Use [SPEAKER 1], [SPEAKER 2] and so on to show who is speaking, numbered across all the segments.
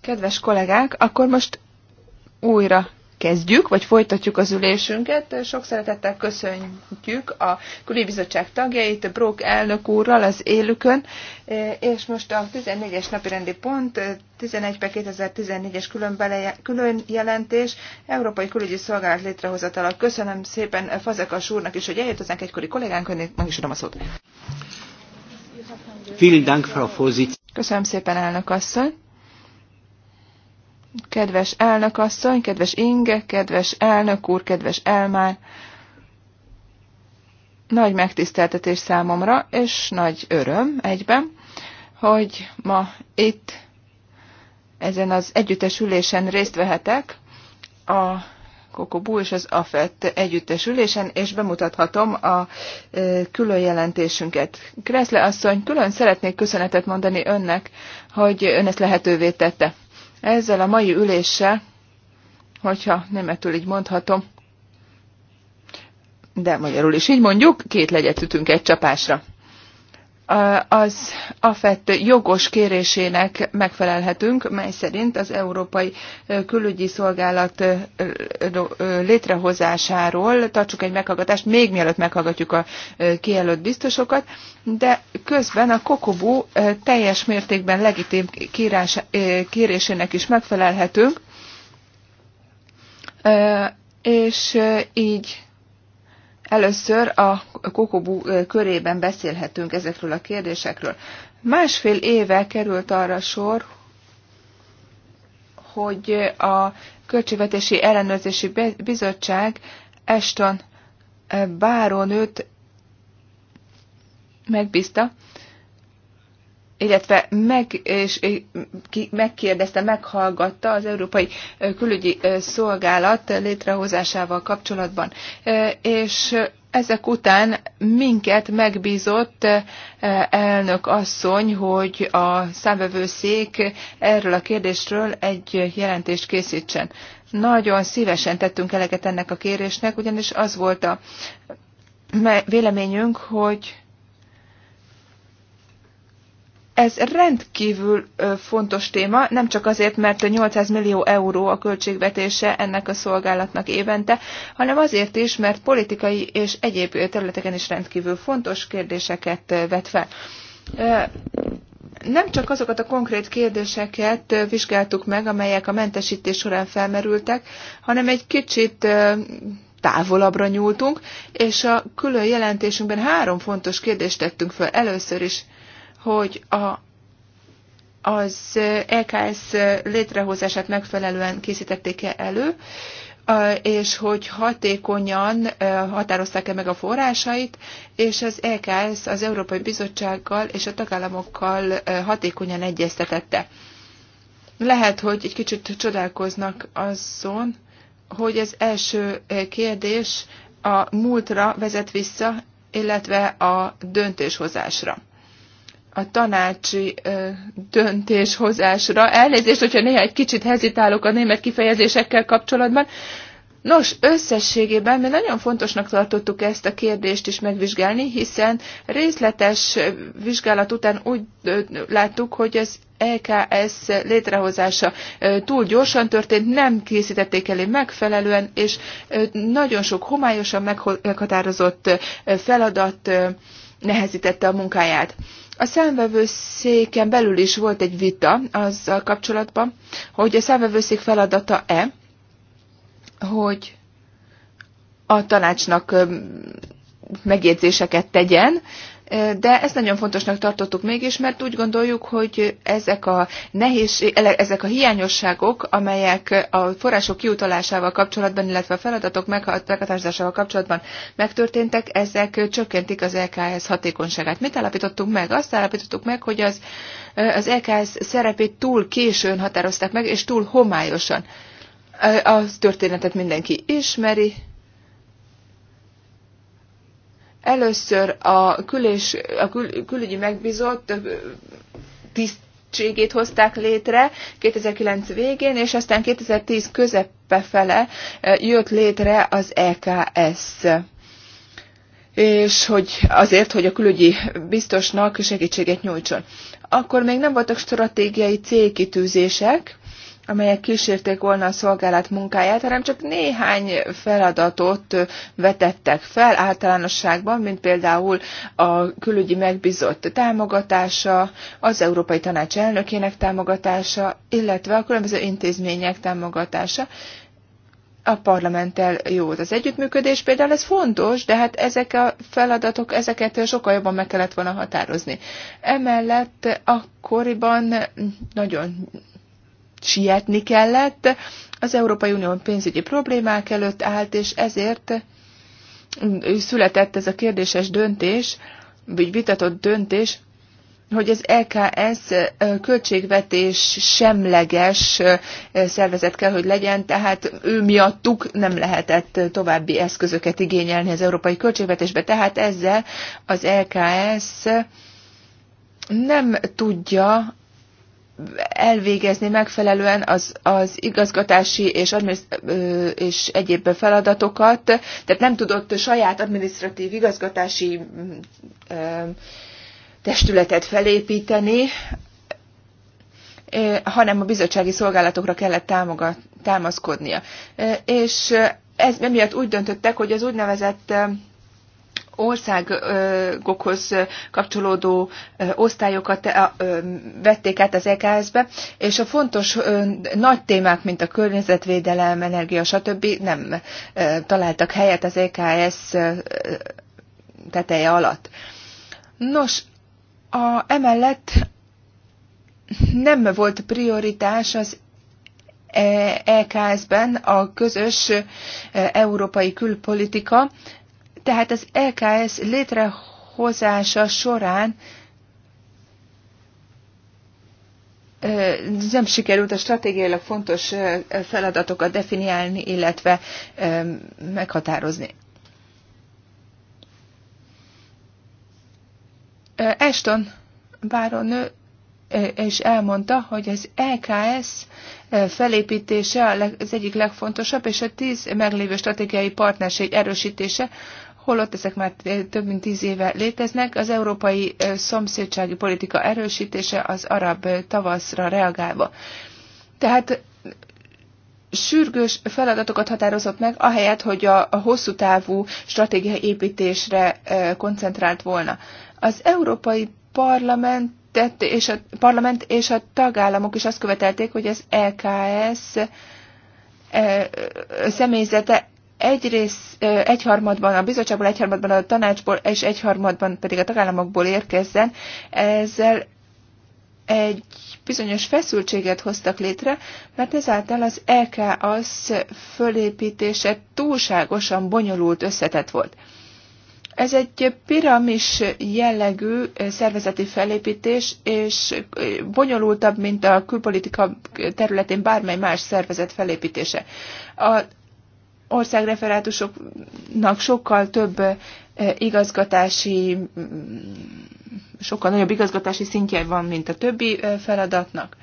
[SPEAKER 1] Kedves kollégák, akkor most újra kezdjük, vagy folytatjuk az ülésünket. Sok szeretettel köszöntjük a külügybizottság tagjait, Brók elnök úrral az élükön, és most a 14-es napi rendi pont, 11 per 2014-es külön, külön jelentés, Európai Külügyi Szolgálat létrehozatala. Köszönöm szépen Fazekas úrnak is, hogy eljött hozzánk egykori kollégánk, önnek meg is adom a szót. Köszönöm szépen, elnök asszony. Kedves elnök asszony, kedves Inge, kedves elnök úr, kedves Elmár. Nagy megtiszteltetés számomra, és nagy öröm egyben, hogy ma itt ezen az együttes ülésen részt vehetek a Kokobú és az AFET együttesülésen, és bemutathatom a e, külön jelentésünket. Kreszle asszony, külön szeretnék köszönetet mondani önnek, hogy ön ezt lehetővé tette. Ezzel a mai üléssel, hogyha németül így mondhatom, de magyarul is így mondjuk, két legyet ütünk egy csapásra az AFET jogos kérésének megfelelhetünk, mely szerint az Európai Külügyi Szolgálat létrehozásáról tartsuk egy meghallgatást, még mielőtt meghallgatjuk a kijelölt biztosokat, de közben a Kokobu teljes mértékben legitim kérésének is megfelelhetünk, és így Először a Kokobú körében beszélhetünk ezekről a kérdésekről. Másfél éve került arra sor, hogy a Költségvetési Ellenőrzési Bizottság Eston Báronőt megbízta, illetve meg, és, ki, megkérdezte, meghallgatta az Európai Külügyi Szolgálat létrehozásával kapcsolatban. És ezek után minket megbízott elnök asszony, hogy a számvevőszék erről a kérdésről egy jelentést készítsen. Nagyon szívesen tettünk eleget ennek a kérésnek, ugyanis az volt a véleményünk, hogy ez rendkívül fontos téma, nem csak azért, mert 800 millió euró a költségvetése ennek a szolgálatnak évente, hanem azért is, mert politikai és egyéb területeken is rendkívül fontos kérdéseket vet fel. Nem csak azokat a konkrét kérdéseket vizsgáltuk meg, amelyek a mentesítés során felmerültek, hanem egy kicsit távolabbra nyúltunk, és a külön jelentésünkben három fontos kérdést tettünk föl. Először is hogy a, az EKS létrehozását megfelelően készítették-e elő, és hogy hatékonyan határozták-e meg a forrásait, és az EKS az Európai Bizottsággal és a tagállamokkal hatékonyan egyeztetette. Lehet, hogy egy kicsit csodálkoznak azon, hogy az első kérdés a múltra vezet vissza, illetve a döntéshozásra a tanácsi ö, döntéshozásra. Elnézést, hogyha néha egy kicsit hezitálok a német kifejezésekkel kapcsolatban. Nos, összességében mi nagyon fontosnak tartottuk ezt a kérdést is megvizsgálni, hiszen részletes vizsgálat után úgy láttuk, hogy az EKS létrehozása túl gyorsan történt, nem készítették elé megfelelően, és nagyon sok homályosan meghatározott feladat nehezítette a munkáját. A számvevőszéken belül is volt egy vita azzal kapcsolatban, hogy a számvevőszék feladata-e, hogy a tanácsnak megjegyzéseket tegyen de ezt nagyon fontosnak tartottuk mégis, mert úgy gondoljuk, hogy ezek a nehéz, ezek a hiányosságok, amelyek a források kiutalásával kapcsolatban, illetve a feladatok meghatározásával kapcsolatban megtörténtek, ezek csökkentik az LKS hatékonyságát. Mit állapítottunk meg? Azt állapítottuk meg, hogy az, az LKS szerepét túl későn határozták meg, és túl homályosan. A történetet mindenki ismeri, Először a, külés, a kül, külügyi megbízott tisztségét hozták létre 2009 végén, és aztán 2010 közepe fele jött létre az EKS és hogy azért, hogy a külügyi biztosnak segítséget nyújtson. Akkor még nem voltak stratégiai célkitűzések, amelyek kísérték volna a szolgálat munkáját, hanem csak néhány feladatot vetettek fel általánosságban, mint például a külügyi megbízott támogatása, az Európai Tanács elnökének támogatása, illetve a különböző intézmények támogatása a parlamenttel jó az együttműködés, például ez fontos, de hát ezek a feladatok, ezeket sokkal jobban meg kellett volna határozni. Emellett akkoriban nagyon sietni kellett, az Európai Unió pénzügyi problémák előtt állt, és ezért mm, született ez a kérdéses döntés, vagy vitatott döntés, hogy az EKS költségvetés semleges szervezet kell, hogy legyen, tehát ő miattuk nem lehetett további eszközöket igényelni az európai költségvetésbe, tehát ezzel az EKS nem tudja elvégezni megfelelően az, az igazgatási és, és egyéb feladatokat, tehát nem tudott saját administratív igazgatási mm, testületet felépíteni, eh, hanem a bizottsági szolgálatokra kellett támogat, támaszkodnia. Eh, és ez emiatt úgy döntöttek, hogy az úgynevezett eh, országokhoz kapcsolódó osztályokat vették át az EKS-be, és a fontos nagy témák, mint a környezetvédelem, energia, stb. nem találtak helyet az EKS teteje alatt. Nos, a, emellett nem volt prioritás az EKS-ben e a közös európai külpolitika, tehát az EKS létrehozása során nem sikerült a stratégiailag fontos feladatokat definiálni, illetve meghatározni. Eston báronő és elmondta, hogy az EKS felépítése az egyik legfontosabb, és a tíz meglévő stratégiai partnerség erősítése holott ezek már több mint tíz éve léteznek. Az európai szomszédsági politika erősítése az arab tavaszra reagálva. Tehát sürgős feladatokat határozott meg, ahelyett, hogy a, a hosszú távú stratégiai építésre e, koncentrált volna. Az Európai Parlament és a parlament és a tagállamok is azt követelték, hogy az EKS e, személyzete egyrészt egyharmadban a bizottságból, egyharmadban a tanácsból, és egyharmadban pedig a tagállamokból érkezzen, ezzel egy bizonyos feszültséget hoztak létre, mert ezáltal az LK e az fölépítése túlságosan bonyolult összetett volt. Ez egy piramis jellegű szervezeti felépítés, és bonyolultabb, mint a külpolitika területén bármely más szervezet felépítése. A országreferátusoknak sokkal több eh, igazgatási, mm, sokkal nagyobb igazgatási szintje van, mint a többi eh, feladatnak.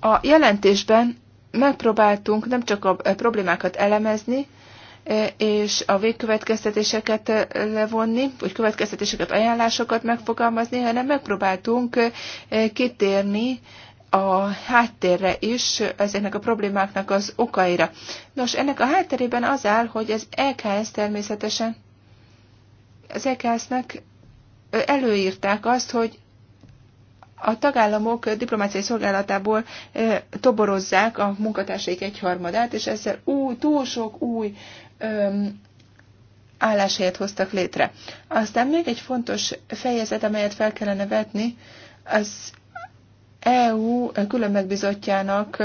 [SPEAKER 1] A jelentésben megpróbáltunk nem csak a eh, problémákat elemezni, és a végkövetkeztetéseket levonni, vagy következtetéseket, ajánlásokat megfogalmazni, hanem megpróbáltunk kitérni a háttérre is, ezeknek a problémáknak az okaira. Nos, ennek a hátterében az áll, hogy az EKS természetesen, az EKS-nek előírták azt, hogy a tagállamok diplomáciai szolgálatából toborozzák a munkatársaik egyharmadát, és ezzel új, túl sok új öm, álláshelyet hoztak létre. Aztán még egy fontos fejezet, amelyet fel kellene vetni, az EU külön megbizotjának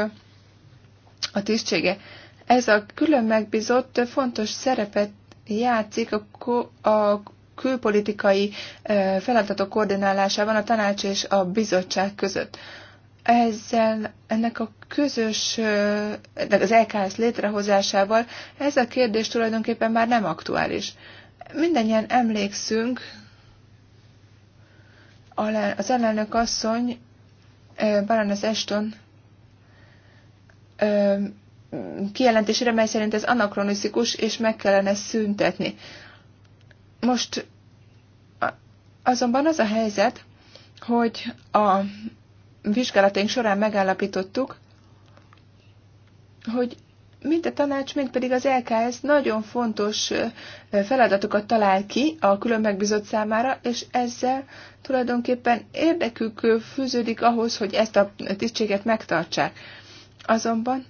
[SPEAKER 1] a tisztsége. Ez a külön megbizott fontos szerepet játszik a, a külpolitikai e, feladatok koordinálásában a tanács és a bizottság között. Ezzel ennek a közös, e, az LKS létrehozásával ez a kérdés tulajdonképpen már nem aktuális. Mindennyien emlékszünk, az ellenök asszony Baroness Ashton kijelentésére, mely szerint ez anakronisztikus, és meg kellene szüntetni. Most azonban az a helyzet, hogy a vizsgálataink során megállapítottuk, hogy mint a tanács, mint pedig az LKS nagyon fontos feladatokat talál ki a külön megbízott számára, és ezzel tulajdonképpen érdekük fűződik ahhoz, hogy ezt a tisztséget megtartsák. Azonban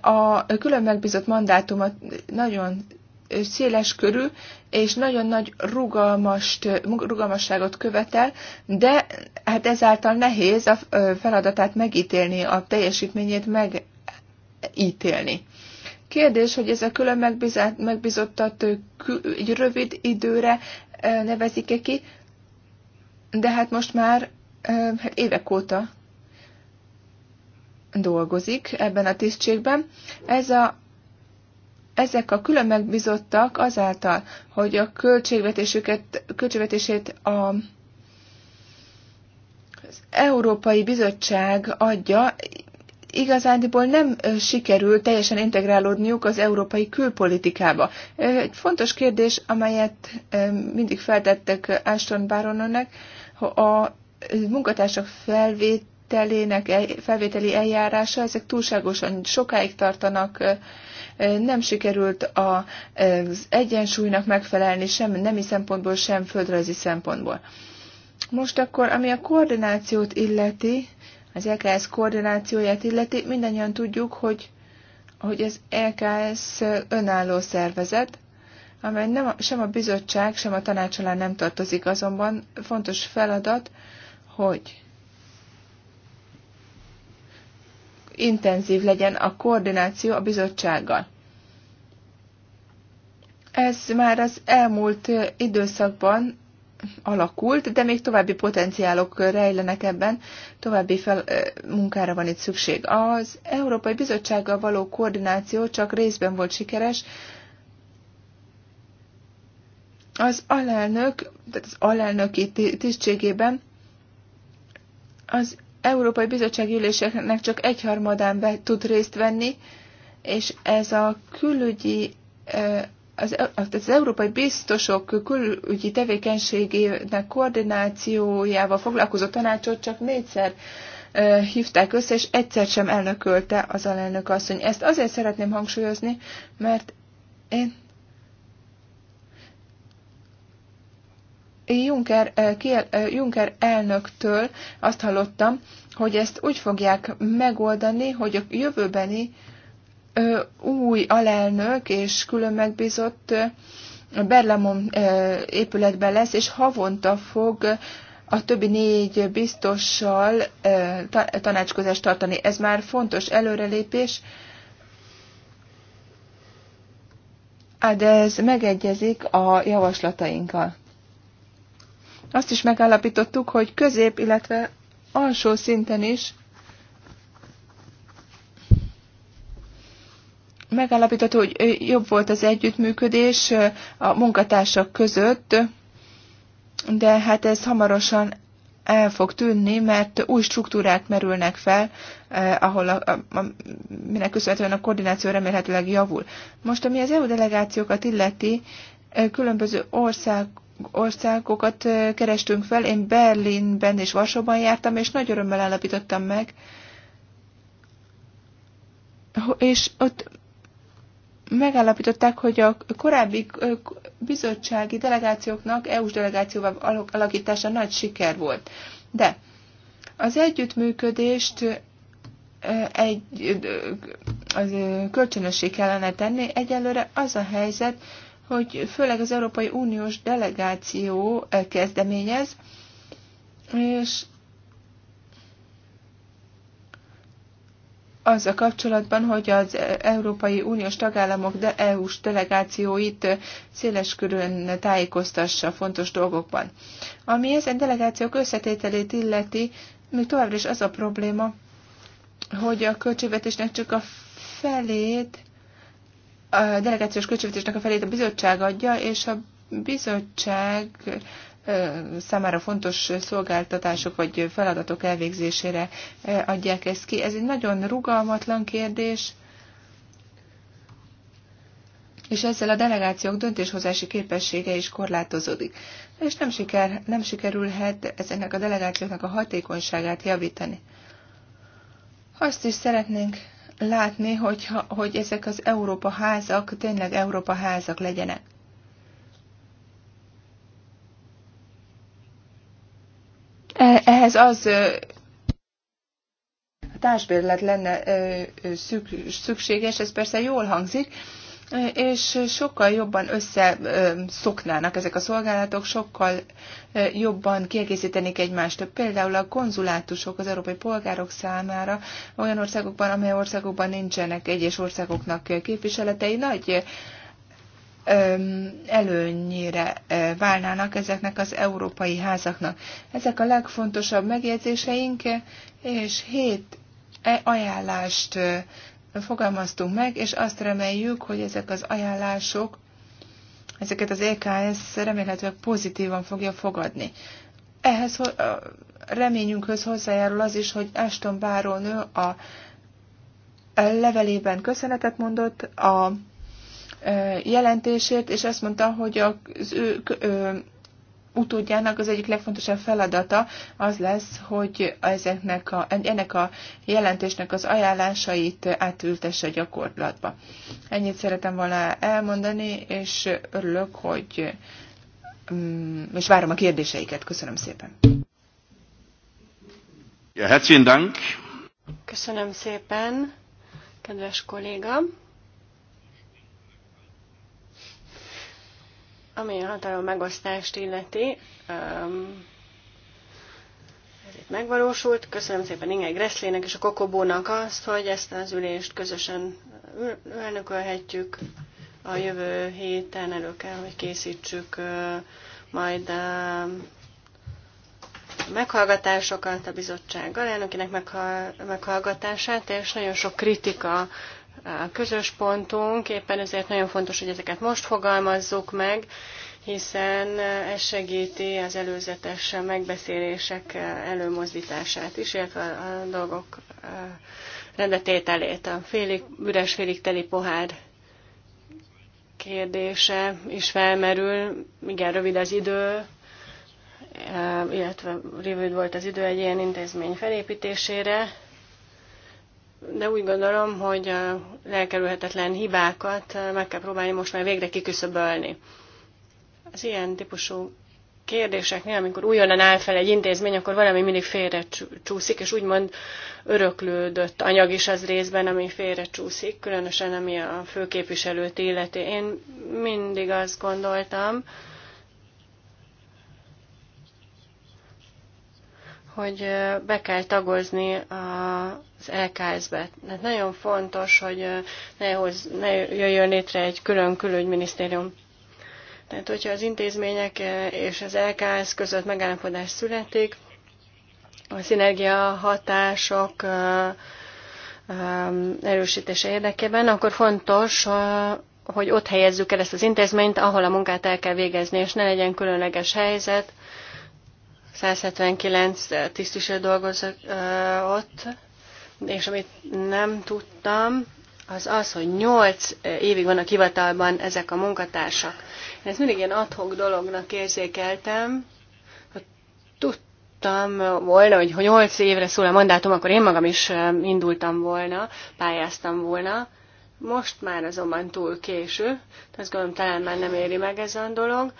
[SPEAKER 1] a külön megbízott mandátumot nagyon széles körű, és nagyon nagy rugalmast, rugalmasságot követel, de hát ezáltal nehéz a feladatát megítélni, a teljesítményét meg, ítélni. Kérdés, hogy ez a külön megbizottat egy rövid időre nevezik-e ki, de hát most már hát évek óta dolgozik ebben a tisztségben. Ez a, ezek a külön megbizottak azáltal, hogy a költségvetésüket, költségvetését a az Európai Bizottság adja, igazándiból nem sikerül teljesen integrálódniuk az európai külpolitikába. Egy fontos kérdés, amelyet mindig feltettek Ashton Baronnak, a munkatársak felvételének, felvételi eljárása, ezek túlságosan sokáig tartanak, nem sikerült az egyensúlynak megfelelni sem nemi szempontból, sem földrajzi szempontból. Most akkor, ami a koordinációt illeti, az EKS koordinációját illeti, mindannyian tudjuk, hogy, hogy az EKS önálló szervezet, amely nem, a, sem a bizottság, sem a tanács alá nem tartozik, azonban fontos feladat, hogy intenzív legyen a koordináció a bizottsággal. Ez már az elmúlt időszakban alakult, de még további potenciálok rejlenek ebben, további fel, munkára van itt szükség. Az Európai Bizottsággal való koordináció csak részben volt sikeres, az alelnök, tehát az alelnöki tisztségében az Európai Bizottság üléseknek csak egyharmadán be tud részt venni, és ez a külügyi az, az európai biztosok külügyi tevékenységének koordinációjával foglalkozó tanácsot csak négyszer hívták össze, és egyszer sem elnökölte az alelnök asszony. Ezt azért szeretném hangsúlyozni, mert én Juncker, Juncker elnöktől azt hallottam, hogy ezt úgy fogják megoldani, hogy a jövőbeni új alelnök és külön megbízott Berlamon épületben lesz, és havonta fog a többi négy biztossal tanácskozást tartani. Ez már fontos előrelépés, de hát ez megegyezik a javaslatainkkal. Azt is megállapítottuk, hogy közép, illetve alsó szinten is megállapítható, hogy jobb volt az együttműködés a munkatársak között, de hát ez hamarosan el fog tűnni, mert új struktúrák merülnek fel, eh, ahol a, a, a, minek köszönhetően a koordináció remélhetőleg javul. Most, ami az EU delegációkat illeti, eh, különböző ország, országokat eh, kerestünk fel. Én Berlinben és Varsóban jártam, és nagy örömmel állapítottam meg, és ott megállapították, hogy a korábbi bizottsági delegációknak EU-s delegációval alakítása nagy siker volt. De az együttműködést egy, az kölcsönössé kellene tenni. Egyelőre az a helyzet, hogy főleg az Európai Uniós delegáció kezdeményez, és az a kapcsolatban, hogy az Európai Uniós tagállamok de EU-s delegációit széles körön tájékoztassa fontos dolgokban. Ami ezen delegációk összetételét illeti, még továbbra is az a probléma, hogy a költségvetésnek csak a felét, a delegációs költségvetésnek a felét a bizottság adja, és a bizottság számára fontos szolgáltatások vagy feladatok elvégzésére adják ezt ki. Ez egy nagyon rugalmatlan kérdés, és ezzel a delegációk döntéshozási képessége is korlátozódik, és nem, siker, nem sikerülhet ezeknek a delegációknak a hatékonyságát javítani. Azt is szeretnénk látni, hogyha, hogy ezek az Európa házak tényleg Európa házak legyenek. E, ehhez az a társbérlet lenne szükséges, ez persze jól hangzik, és sokkal jobban összeszoknának ezek a szolgálatok, sokkal jobban kiegészítenék egymást. Például a konzulátusok az európai polgárok számára olyan országokban, amely országokban nincsenek egyes országoknak képviseletei, nagy előnyére válnának ezeknek az európai házaknak. Ezek a legfontosabb megjegyzéseink, és hét e- ajánlást fogalmaztunk meg, és azt reméljük, hogy ezek az ajánlások, ezeket az EKS remélhetőleg pozitívan fogja fogadni. Ehhez reményünkhöz hozzájárul az is, hogy Ashton Báronő a levelében köszönetet mondott a jelentését, és azt mondta, hogy az ő utódjának az egyik legfontosabb feladata az lesz, hogy ezeknek a, ennek a jelentésnek az ajánlásait átültesse gyakorlatba. Ennyit szeretem volna elmondani, és örülök, hogy mm, és várom a kérdéseiket. Köszönöm szépen.
[SPEAKER 2] Ja, herzlichen Dank.
[SPEAKER 3] Köszönöm szépen, kedves kolléga. Ami a hatalom megosztást illeti, um, ez itt megvalósult. Köszönöm szépen Inge Gresslének és a Kokobónak azt, hogy ezt az ülést közösen elnökölhetjük. A jövő héten elő kell, hogy készítsük uh, majd uh, meghallgatásokat, a bizottság alelnökének meghallgatását, és nagyon sok kritika a közös pontunk, éppen ezért nagyon fontos, hogy ezeket most fogalmazzuk meg, hiszen ez segíti az előzetes megbeszélések előmozdítását is, illetve a dolgok rendetételét. A félig, üres, félig teli pohár kérdése is felmerül. Igen, rövid az idő, illetve rövid volt az idő egy ilyen intézmény felépítésére, de úgy gondolom, hogy a elkerülhetetlen hibákat eh, meg kell próbálni most már végre kiküszöbölni. Az ilyen típusú kérdéseknél, amikor újonnan áll fel egy intézmény, akkor valami mindig félre csúszik, és úgymond öröklődött anyag is az részben, ami félre csúszik, különösen ami a főképviselőt illeti. Én mindig azt gondoltam, hogy be kell tagozni az LKS-be. Hát nagyon fontos, hogy ne, hoz, ne jöjjön létre egy külön külügyminisztérium. Tehát, hogyha az intézmények és az LKS között megállapodás születik, a szinergia hatások erősítése érdekében, akkor fontos, hogy ott helyezzük el ezt az intézményt, ahol a munkát el kell végezni, és ne legyen különleges helyzet, 179 eh, tisztviselő dolgozott eh, ott, és amit nem tudtam, az az, hogy 8 eh, évig van a hivatalban ezek a munkatársak. Én ezt mindig ilyen adhok dolognak érzékeltem, hogy tudtam volna, hogy ha 8 évre szól a mandátum, akkor én magam is indultam volna, pályáztam volna. Most már azonban túl késő, azt gondolom talán már nem éri meg ez a dolog.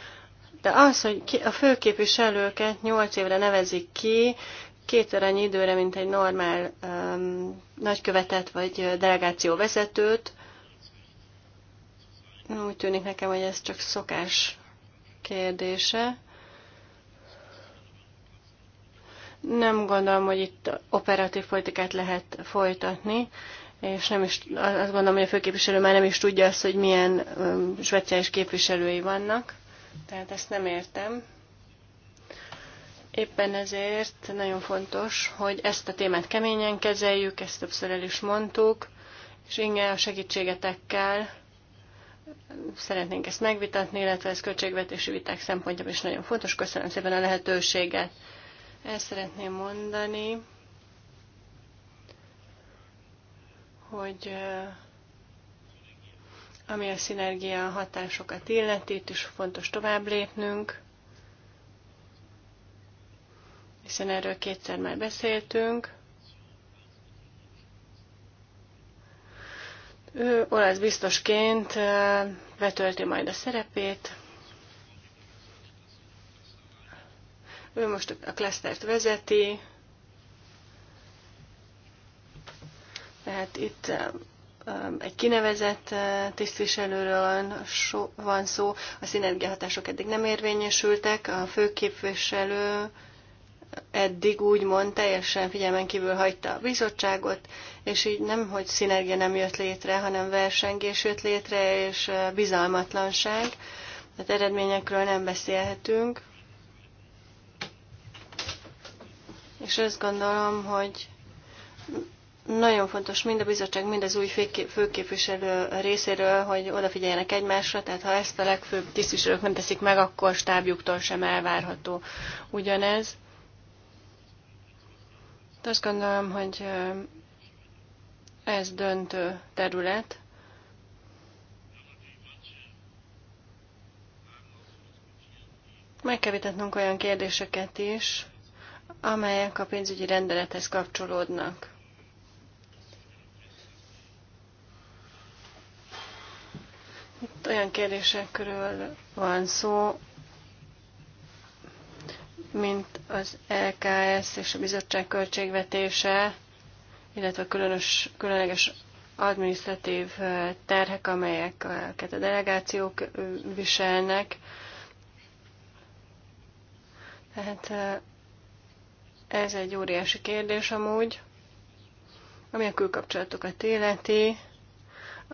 [SPEAKER 3] De az, hogy a főképviselőket nyolc évre nevezik ki, kétszer annyi időre, mint egy normál um, nagykövetet vagy delegáció vezetőt, úgy tűnik nekem, hogy ez csak szokás kérdése. Nem gondolom, hogy itt operatív politikát lehet folytatni, és nem is, azt gondolom, hogy a főképviselő már nem is tudja azt, hogy milyen um, speciális képviselői vannak. Tehát ezt nem értem. Éppen ezért nagyon fontos, hogy ezt a témát keményen kezeljük, ezt többször el is mondtuk, és inge a segítségetekkel szeretnénk ezt megvitatni, illetve ez költségvetési viták szempontjából is nagyon fontos. Köszönöm szépen a lehetőséget. Ezt szeretném mondani, hogy ami a szinergia hatásokat illeti, itt is fontos tovább lépnünk, hiszen erről kétszer már beszéltünk. Ő olasz biztosként betölti majd a szerepét. Ő most a klasztert vezeti, tehát itt egy kinevezett tisztviselőről van szó, a szinergiahatások eddig nem érvényesültek, a főképviselő eddig úgymond teljesen figyelmen kívül hagyta a bizottságot, és így nem, hogy szinergia nem jött létre, hanem versengés jött létre, és bizalmatlanság. Tehát eredményekről nem beszélhetünk. És azt gondolom, hogy nagyon fontos mind a bizottság, mind az új főképviselő részéről, hogy odafigyeljenek egymásra, tehát ha ezt a legfőbb tisztviselők nem teszik meg, akkor stábjuktól sem elvárható ugyanez. De azt gondolom, hogy ez döntő terület. Meg kell vitatnunk olyan kérdéseket is, amelyek a pénzügyi rendelethez kapcsolódnak. Itt olyan kérdésekről van szó, mint az LKS és a bizottság költségvetése, illetve különös, különleges adminisztratív terhek, amelyeket a delegációk viselnek. Tehát ez egy óriási kérdés amúgy, ami a külkapcsolatokat illeti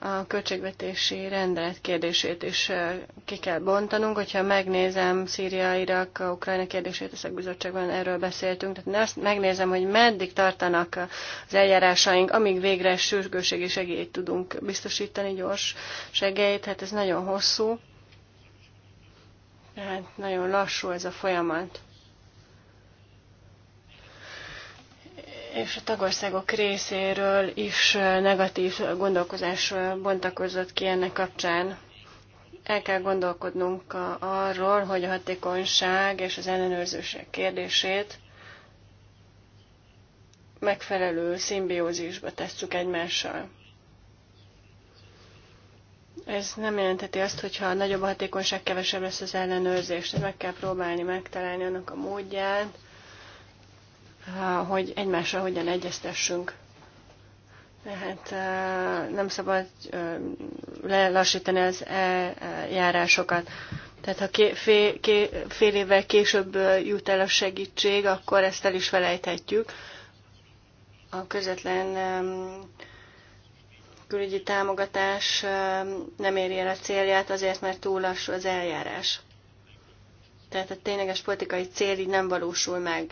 [SPEAKER 3] a költségvetési rendelet kérdését is ki kell bontanunk. Hogyha megnézem Szíria, Irak, Ukrajna kérdését, a szakbizottságban erről beszéltünk, tehát azt megnézem, hogy meddig tartanak az eljárásaink, amíg végre sürgőségi segélyt tudunk biztosítani, gyors segélyt, hát ez nagyon hosszú, tehát nagyon lassú ez a folyamat. és a tagországok részéről is negatív gondolkozás bontakozott ki ennek kapcsán. El kell gondolkodnunk arról, hogy a hatékonyság és az ellenőrzőség kérdését megfelelő szimbiózisba tesszük egymással. Ez nem jelenteti azt, hogyha nagyobb a hatékonyság, kevesebb lesz az ellenőrzés. Tehát meg kell próbálni megtalálni annak a módját, hogy egymással hogyan egyeztessünk. Tehát nem szabad lelassítani az eljárásokat. E, Tehát ha fél, fél évvel később jut el a segítség, akkor ezt el is felejthetjük. A közvetlen külügyi támogatás nem éri el a célját, azért mert túl lassú az eljárás. Tehát a tényleges politikai cél így nem valósul meg.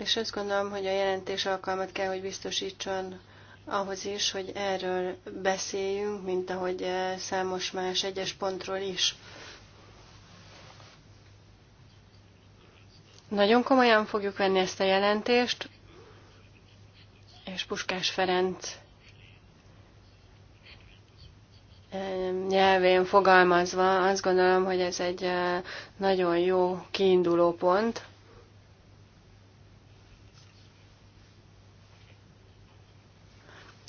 [SPEAKER 3] És azt gondolom, hogy a jelentés alkalmat kell, hogy biztosítson ahhoz is, hogy erről beszéljünk, mint ahogy eh, számos más egyes pontról is. Nagyon komolyan fogjuk venni ezt a jelentést, és Puskás Ferenc eh, nyelvén fogalmazva azt gondolom, hogy ez egy eh, nagyon jó kiinduló pont.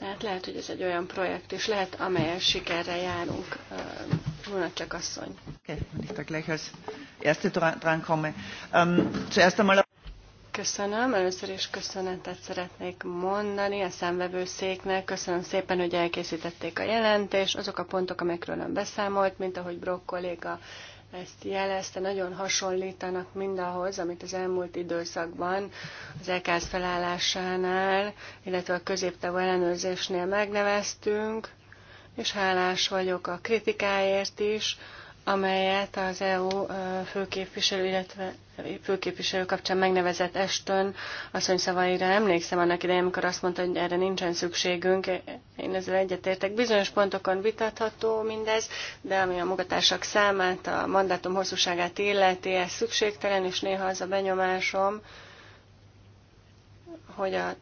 [SPEAKER 3] Tehát lehet, hogy ez egy olyan projekt és lehet, amelyen sikerre járunk. csak asszony. Köszönöm, először is köszönetet szeretnék mondani a szemvevőszéknek. Köszönöm szépen, hogy elkészítették a jelentést. Azok a pontok, amikről ön beszámolt, mint ahogy Brock kolléga ezt jelezte, nagyon hasonlítanak mindahhoz, amit az elmúlt időszakban az EKSZ felállásánál, illetve a középtávú ellenőrzésnél megneveztünk, és hálás vagyok a kritikáért is, amelyet az EU főképviselő, illetve főképviselő kapcsán megnevezett Eston asszony szavaira emlékszem annak idején, amikor azt mondta, hogy erre nincsen szükségünk. Én ezzel egyetértek. Bizonyos pontokon vitatható mindez, de ami a munkatársak számát, a mandátum hosszúságát illeti, ez szükségtelen, és néha az a benyomásom, hogy a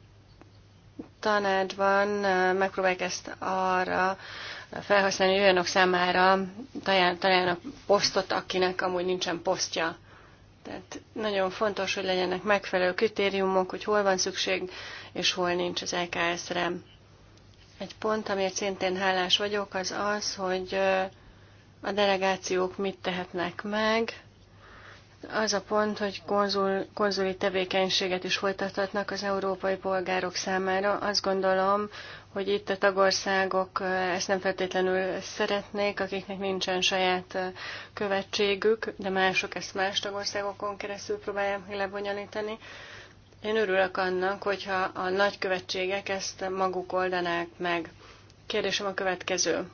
[SPEAKER 3] tanácsban megpróbálják ezt arra felhasználni olyanok számára találjanak posztot, akinek amúgy nincsen posztja. Tehát nagyon fontos, hogy legyenek megfelelő kritériumok, hogy hol van szükség, és hol nincs az LKS-re. Egy pont, amiért szintén hálás vagyok, az az, hogy a delegációk mit tehetnek meg, az a pont, hogy konzul, konzuli tevékenységet is folytathatnak az európai polgárok számára. Azt gondolom, hogy itt a tagországok ezt nem feltétlenül szeretnék, akiknek nincsen saját követségük, de mások ezt más tagországokon keresztül próbálják lebonyolítani. Én örülök annak, hogyha a nagykövetségek ezt maguk oldanák meg. Kérdésem a következő.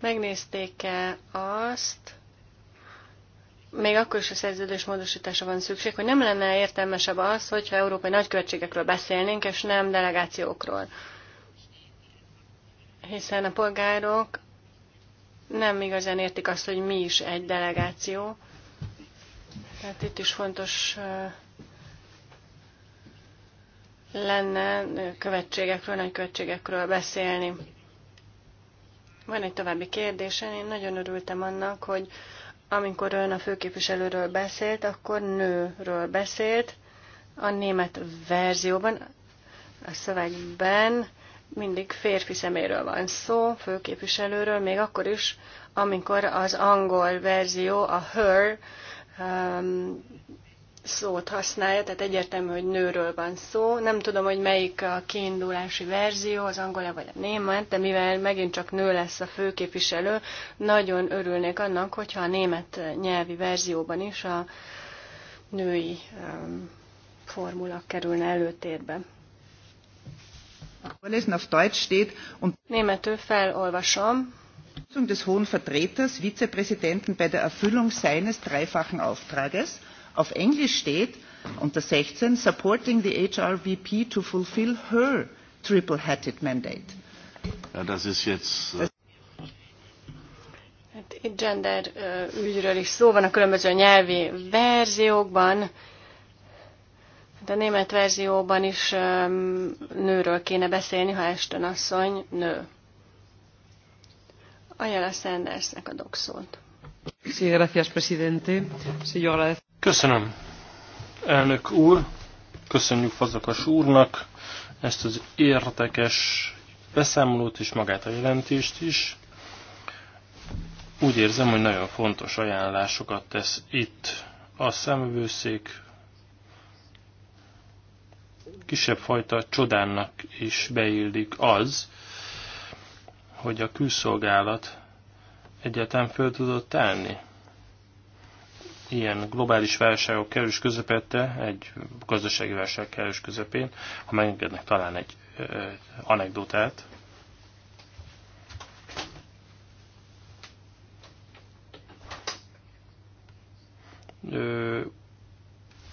[SPEAKER 3] Megnézték-e azt, még akkor is a szerződés módosítása van szükség, hogy nem lenne értelmesebb az, hogyha európai nagyköltségekről beszélnénk, és nem delegációkról. Hiszen a polgárok nem igazán értik azt, hogy mi is egy delegáció. Tehát itt is fontos lenne követségekről, nagy beszélni. Van egy további kérdésen. Én nagyon örültem annak, hogy amikor ön a főképviselőről beszélt, akkor nőről beszélt. A német verzióban, a szövegben mindig férfi szeméről van szó, főképviselőről, még akkor is, amikor az angol verzió, a her um, szót használja, tehát egyértelmű, hogy nőről van szó. Nem tudom, hogy melyik a kiindulási verzió, az angol vagy a német, de mivel megint csak nő lesz a főképviselő, nagyon örülnék annak, hogyha a német nyelvi verzióban is a női um, formula kerülne előtérbe. Um Németül felolvasom.
[SPEAKER 1] des Hohen Vertreters, Vizepräsidenten bei der Erfüllung seines dreifachen Auftrages – Auf Englisch steht unter 16 Supporting the HRVP to fulfill her triple-hatted mandate.
[SPEAKER 2] Ja, das ist jetzt. Das äh,
[SPEAKER 3] Hát itt gender ügyről is szó van a különböző nyelvi verziókban. De hát a német verzióban is nőről kéne beszélni, ha Esten asszony nő. Ajala Sandersnek adok szót.
[SPEAKER 1] Sí, gracias, presidente. Sí, yo agradezco.
[SPEAKER 2] Köszönöm, elnök úr. Köszönjük Fazakas úrnak ezt az érdekes beszámolót és magát a jelentést is. Úgy érzem, hogy nagyon fontos ajánlásokat tesz itt a szemvőszék kisebb fajta csodának is beillik az, hogy a külszolgálat egyetem föl tudott állni ilyen globális válságok kerülés közepette, egy gazdasági válság kerülés közepén, ha megengednek talán egy anekdotát.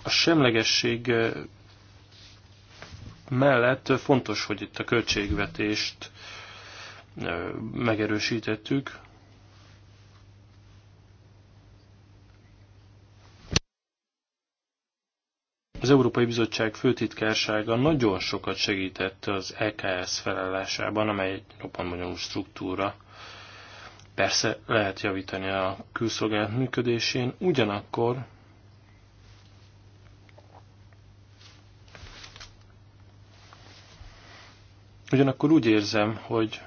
[SPEAKER 2] a semlegesség mellett fontos, hogy itt a költségvetést megerősítettük, Az Európai Bizottság főtitkársága nagyon sokat segített az EKS felállásában, amely egy roppant bonyolult struktúra. Persze lehet javítani a külszolgálat működésén, ugyanakkor Ugyanakkor úgy érzem, hogy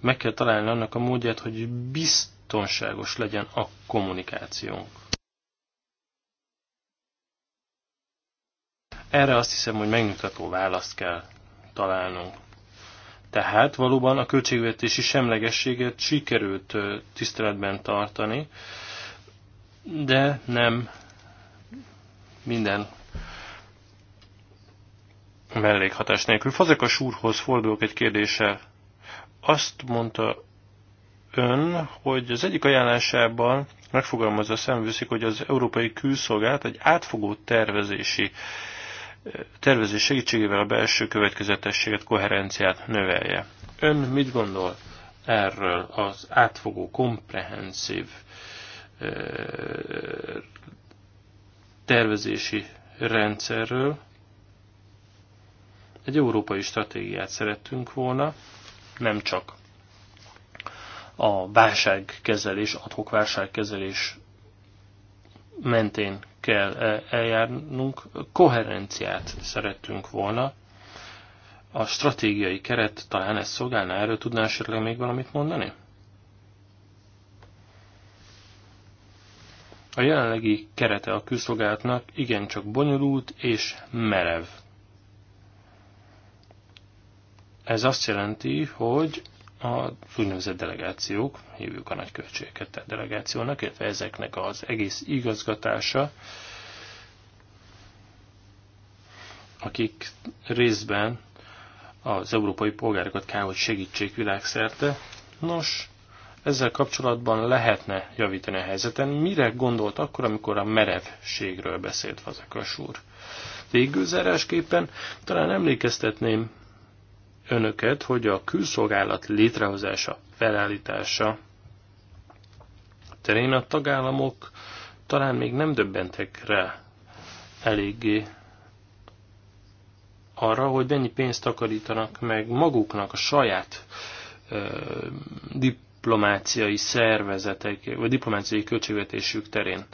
[SPEAKER 2] meg kell találni annak a módját, hogy biztonságos legyen a kommunikációnk. Erre azt hiszem, hogy megnyugtató választ kell találnunk. Tehát valóban a költségvetési semlegességet sikerült tiszteletben tartani, de nem minden mellékhatás nélkül. Fazekas úrhoz fordulok egy kérdéssel. Azt mondta ön, hogy az egyik ajánlásában megfogalmazza a hogy az Európai Külszolgálat egy átfogó tervezési tervezés segítségével a belső következetességet, koherenciát növelje. Ön mit gondol erről az átfogó, komprehenszív tervezési rendszerről? Egy európai stratégiát szerettünk volna, nem csak a válságkezelés, adhok válságkezelés mentén kell eh, eljárnunk, koherenciát szerettünk volna. A stratégiai keret talán ezt szolgálna, erről tudná esetleg még valamit mondani? A jelenlegi kerete a külszolgálatnak igencsak bonyolult és merev. Ez azt jelenti, hogy a úgynevezett delegációk, hívjuk a költségeket a delegációnak, illetve ezeknek az egész igazgatása, akik részben az európai polgárokat kell, hogy segítsék világszerte. Nos, ezzel kapcsolatban lehetne javítani a helyzeten. Mire gondolt akkor, amikor a merevségről beszélt Fazekas úr? Végül zárásképpen talán emlékeztetném önöket, hogy a külszolgálat létrehozása, felállítása terén a tagállamok talán még nem döbbentek rá eléggé arra, hogy mennyi pénzt takarítanak meg maguknak a saját ö, diplomáciai szervezetek, vagy diplomáciai költségvetésük terén.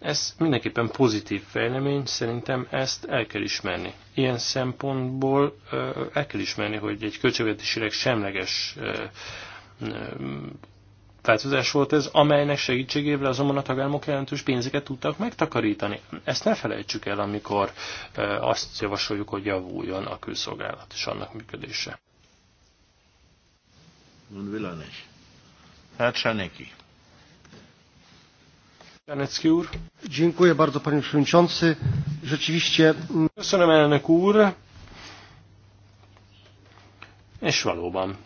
[SPEAKER 2] Ez mindenképpen pozitív fejlemény, szerintem ezt el kell ismerni. Ilyen szempontból el kell ismerni, hogy egy költségvetésileg semleges változás volt ez, amelynek segítségével azonban a tagállamok jelentős pénzeket tudtak megtakarítani. Ezt ne felejtsük el, amikor azt javasoljuk, hogy javuljon a külszolgálat és annak működése. Mond Vilanes. Hát se neki. Dziękuję bardzo, panie przewodniczący. Rzeczywiście... Mm, Köszönöm, elnök úr. És valóban.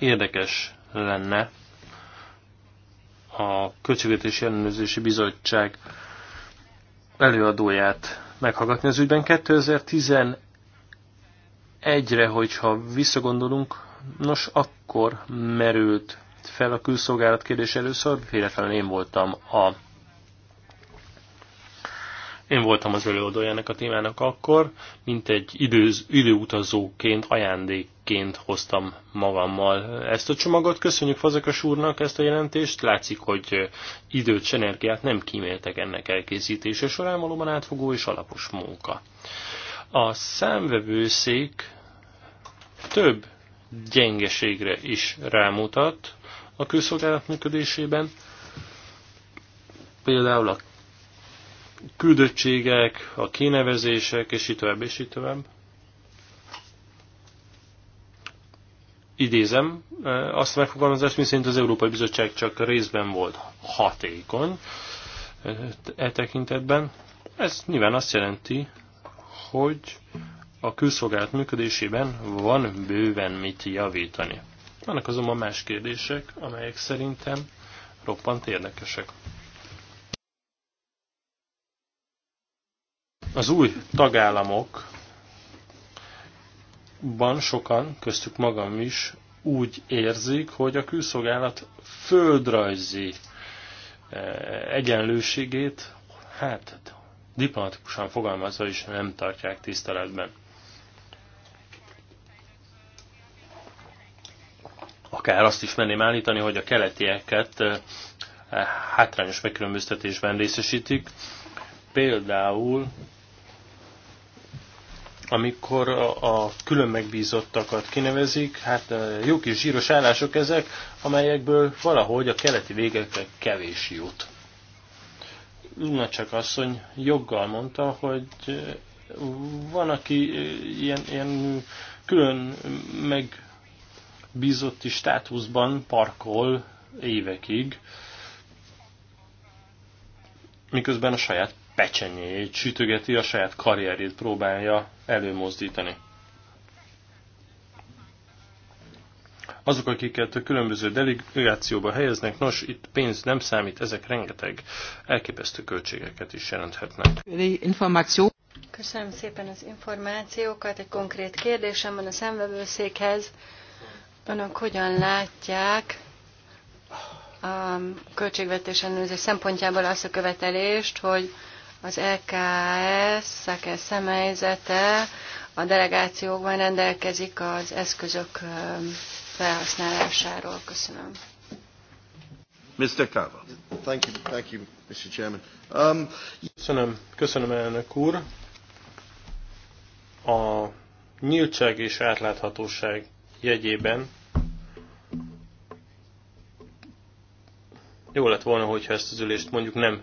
[SPEAKER 2] Érdekes lenne a Költségvetési Ellenőrzési Bizottság előadóját meghallgatni az ügyben. 2011-re, hogyha visszagondolunk, nos, a akkor merült fel a külszolgálat kérdés először, véletlenül én voltam a én voltam az előadója ennek a témának akkor, mint egy időz, időutazóként, ajándékként hoztam magammal ezt a csomagot. Köszönjük Fazekas úrnak ezt a jelentést, látszik, hogy időt energiát nem kíméltek ennek elkészítése során, valóban átfogó és alapos munka. A számvevőszék több gyengeségre is rámutat a külszolgálat működésében. Például a küldöttségek, a kinevezések, és így tovább, és így tovább. Idézem, eh, azt megfogalmazást, mi szerint az Európai Bizottság csak részben volt hatékony eh, e tekintetben. Ez nyilván azt jelenti, hogy a külszolgálat működésében van bőven mit javítani. Vannak azonban más kérdések, amelyek szerintem roppant érdekesek. Az új tagállamokban sokan, köztük magam is, úgy érzik, hogy a külszolgálat földrajzi eh, egyenlőségét, hát, hát diplomatikusan fogalmazva is nem tartják tiszteletben. akár azt is menném állítani, hogy a keletieket eh, hátrányos megkülönböztetésben részesítik. Például amikor a külön megbízottakat kinevezik, hát eh, jó kis zsíros állások ezek, amelyekből valahogy a keleti végekre kevés jut. Lunacsak asszony joggal mondta, hogy eh, van, aki ilyen, ilyen külön meg bizotti státuszban parkol évekig, miközben a saját pecsenyét sütögeti, a saját karrierét próbálja előmozdítani. Azok, akiket a különböző delegációba helyeznek, nos, itt pénz nem számít, ezek rengeteg elképesztő költségeket is jelenthetnek.
[SPEAKER 1] Információ.
[SPEAKER 3] Köszönöm szépen az információkat. Egy konkrét kérdésem van a szemvevőszékhez. Önök hogyan látják a költségvetés ellenőrzés szempontjából azt a követelést, hogy az LKS szake személyzete a delegációkban rendelkezik az eszközök felhasználásáról. Köszönöm.
[SPEAKER 2] Mr. Kava. Thank you, thank you, Mr. Chairman. Um, köszönöm, köszönöm elnök úr. A nyíltság és átláthatóság jegyében jó lett volna, hogyha ezt az ülést mondjuk nem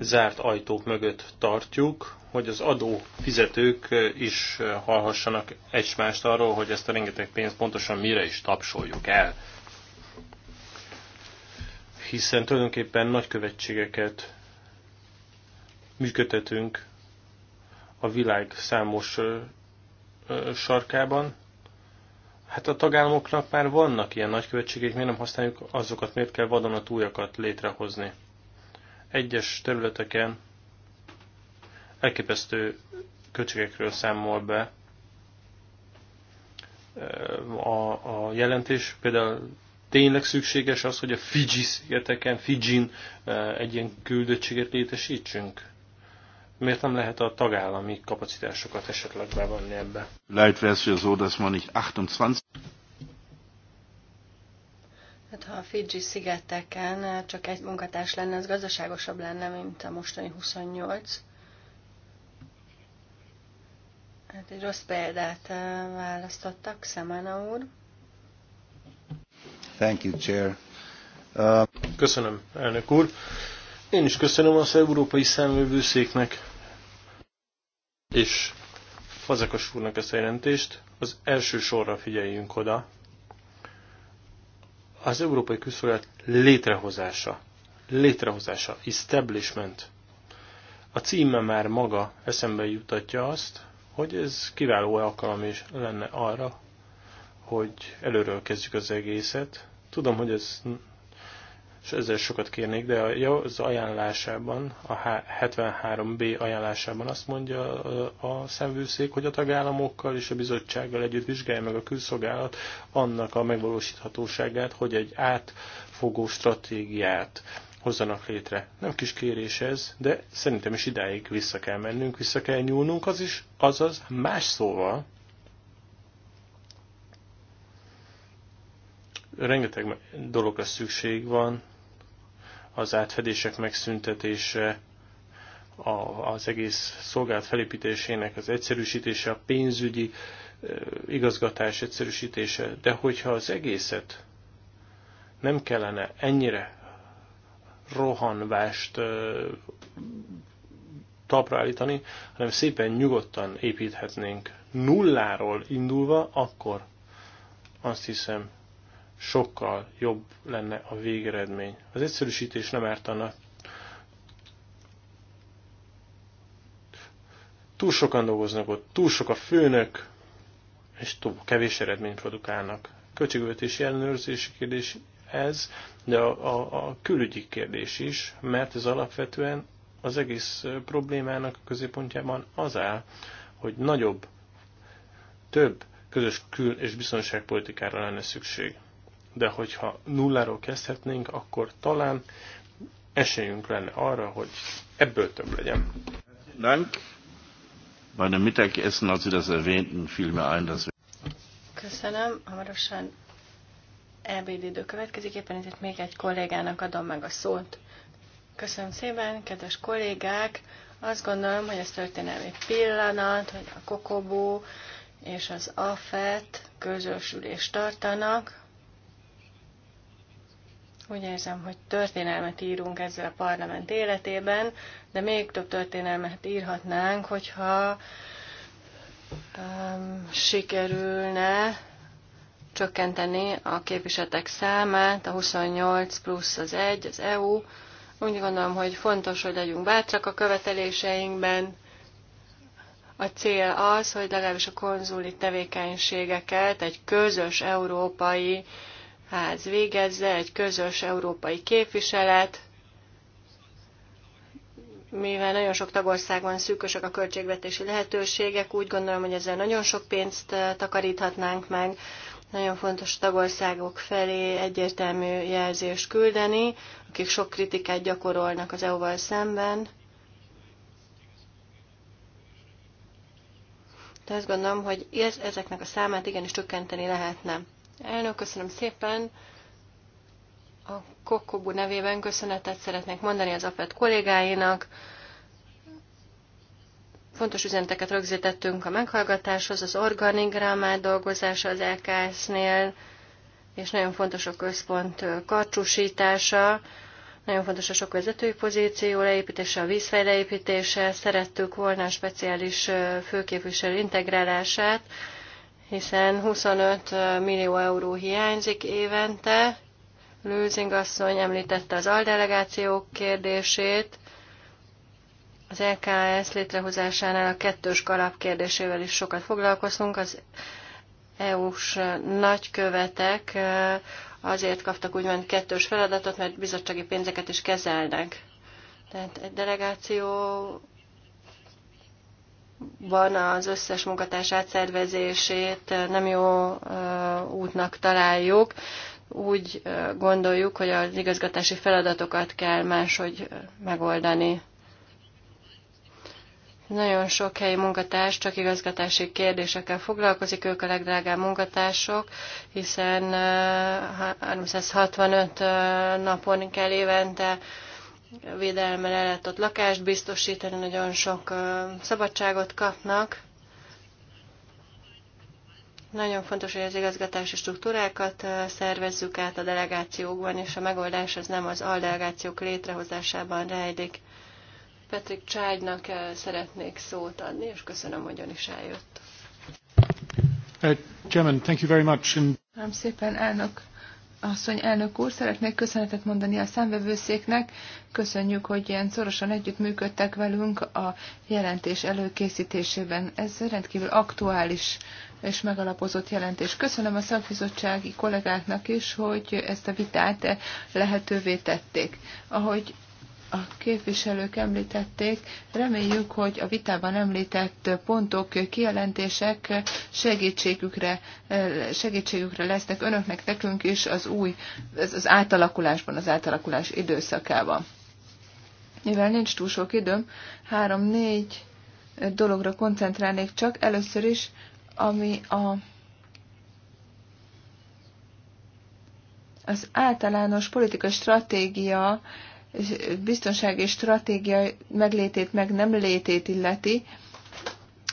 [SPEAKER 2] zárt ajtók mögött tartjuk, hogy az adó fizetők is hallhassanak egymást arról, hogy ezt a rengeteg pénzt pontosan mire is tapsoljuk el. Hiszen tulajdonképpen nagykövetségeket működtetünk a világ számos sarkában, Hát a tagállamoknak már vannak ilyen nagykövetségek, miért nem használjuk azokat, miért kell vadonatújakat létrehozni. Egyes területeken elképesztő költségekről számol be eh, a, a jelentés. Például tényleg szükséges az, hogy a Fidzsi szigeteken, Fijin eh, egy ilyen küldöttséget létesítsünk? Miért nem lehet a tagállami kapacitásokat esetleg bevonni ebbe? Lehet wäre es ja so, dass man nicht 28...
[SPEAKER 3] Hát ha a Fidzsi szigeteken eh, csak egy munkatárs lenne, az gazdaságosabb lenne, mint a mostani 28. Hát egy rossz példát eh, választottak, Szemana úr.
[SPEAKER 1] Thank you, Chair. Uh...
[SPEAKER 2] Köszönöm, elnök úr. Én is köszönöm az Európai Szemlővőszéknek, és Fazekas úrnak ezt a jelentést, az első sorra figyeljünk oda. Az Európai Külszolgálat létrehozása. Létrehozása. Establishment. A címe már maga eszembe jutatja azt, hogy ez kiváló alkalom is lenne arra, hogy előről kezdjük az egészet. Tudom, hogy ez és ezzel sokat kérnék, de az ajánlásában, a 73B ajánlásában azt mondja a szemvőszék, hogy a tagállamokkal és a bizottsággal együtt vizsgálja meg a külszolgálat annak a megvalósíthatóságát, hogy egy átfogó stratégiát hozzanak létre. Nem kis kérés ez, de szerintem is idáig vissza kell mennünk, vissza kell nyúlnunk, az is, azaz más szóval, rengeteg dologra szükség van, az átfedések megszüntetése, a, az egész szolgált felépítésének az egyszerűsítése, a pénzügyi igazgatás egyszerűsítése, de hogyha az egészet nem kellene ennyire rohanvást talpra állítani, hanem szépen nyugodtan építhetnénk nulláról indulva, akkor azt hiszem sokkal jobb lenne a végeredmény. Az egyszerűsítés nem ártana. Túl sokan dolgoznak ott, túl sok a főnök, és túl kevés eredmény produkálnak. Költségvetési ellenőrzési kérdés ez, de a, a, a külügyi kérdés is, mert ez alapvetően az egész problémának a középpontjában az áll, hogy nagyobb, több közös kül- és biztonságpolitikára lenne szükség de hogyha nulláról kezdhetnénk, akkor talán esélyünk lenne arra, hogy ebből több legyen. Dank. Bei dem Mittagessen, als Sie das erwähnten, fiel mir ein, dass
[SPEAKER 3] Köszönöm. Hamarosan idő következik, éppen ezért még egy kollégának adom meg a szót. Köszönöm szépen, kedves kollégák! Azt gondolom, hogy ez történelmi pillanat, hogy a Kokobó és az AFET közös ülést tartanak. Úgy érzem, hogy történelmet írunk ezzel a parlament életében, de még több történelmet írhatnánk, hogyha um, sikerülne csökkenteni a képviseletek számát, a 28 plusz az 1, az EU. Úgy gondolom, hogy fontos, hogy legyünk bátrak a követeléseinkben. A cél az, hogy legalábbis a konzuli tevékenységeket egy közös európai uh, ház végezze, egy közös európai képviselet, mivel nagyon sok tagországban szűkösek a költségvetési lehetőségek, úgy gondolom, hogy ezzel nagyon sok pénzt eh, takaríthatnánk meg. Nagyon fontos a tagországok felé egyértelmű jelzést küldeni, akik sok kritikát gyakorolnak az EU-val szemben. De azt gondolom, hogy ezeknek a számát igenis csökkenteni lehetne. Elnök, köszönöm szépen. A Kokobu nevében köszönetet szeretnék mondani az APET kollégáinak. Fontos üzeneteket rögzítettünk a meghallgatáshoz, az organigrámát dolgozása az LKS-nél, és nagyon fontos a központ karcsúsítása, nagyon fontos a sok vezetői pozíció leépítése, a vízfej leépítése, szerettük volna a speciális főképviselő integrálását, hiszen 25 millió euró hiányzik évente. Lőzing asszony említette az aldelegációk kérdését. Az LKS létrehozásánál a kettős kalap kérdésével is sokat foglalkoztunk. Az EU-s nagykövetek azért kaptak úgymond kettős feladatot, mert bizottsági pénzeket is kezelnek. Tehát egy delegáció van az összes munkatárs átszervezését nem jó útnak találjuk. Úgy gondoljuk, hogy az igazgatási feladatokat kell máshogy megoldani. Nagyon sok helyi munkatárs csak igazgatási kérdésekkel foglalkozik, ők a legdrágább munkatársok, hiszen 365 napon kell évente védelemmel ott lakást biztosítani, nagyon sok szabadságot kapnak. Nagyon fontos, hogy az igazgatási struktúrákat szervezzük át a delegációkban, és a megoldás az nem az aldelegációk létrehozásában rejlik. Petrik Cságynak szeretnék szót adni, és köszönöm, hogy ön is eljött.
[SPEAKER 2] Uh, Chairman, thank you very much. Köszönöm
[SPEAKER 1] szépen, elnök asszony elnök úr, szeretnék köszönetet mondani a számvevőszéknek. Köszönjük, hogy ilyen szorosan együttműködtek velünk a jelentés előkészítésében. Ez rendkívül aktuális és megalapozott jelentés. Köszönöm a szakbizottsági kollégáknak is, hogy ezt a vitát lehetővé tették. Ahogy a képviselők említették. Reméljük, hogy a vitában említett pontok, kijelentések segítségükre, segítségükre lesznek önöknek, nekünk is az új, az átalakulásban, az átalakulás időszakában. Mivel nincs túl sok időm, három-négy dologra koncentrálnék csak. Először is, ami a az általános politikai stratégia biztonsági stratégia meglétét meg nem létét illeti,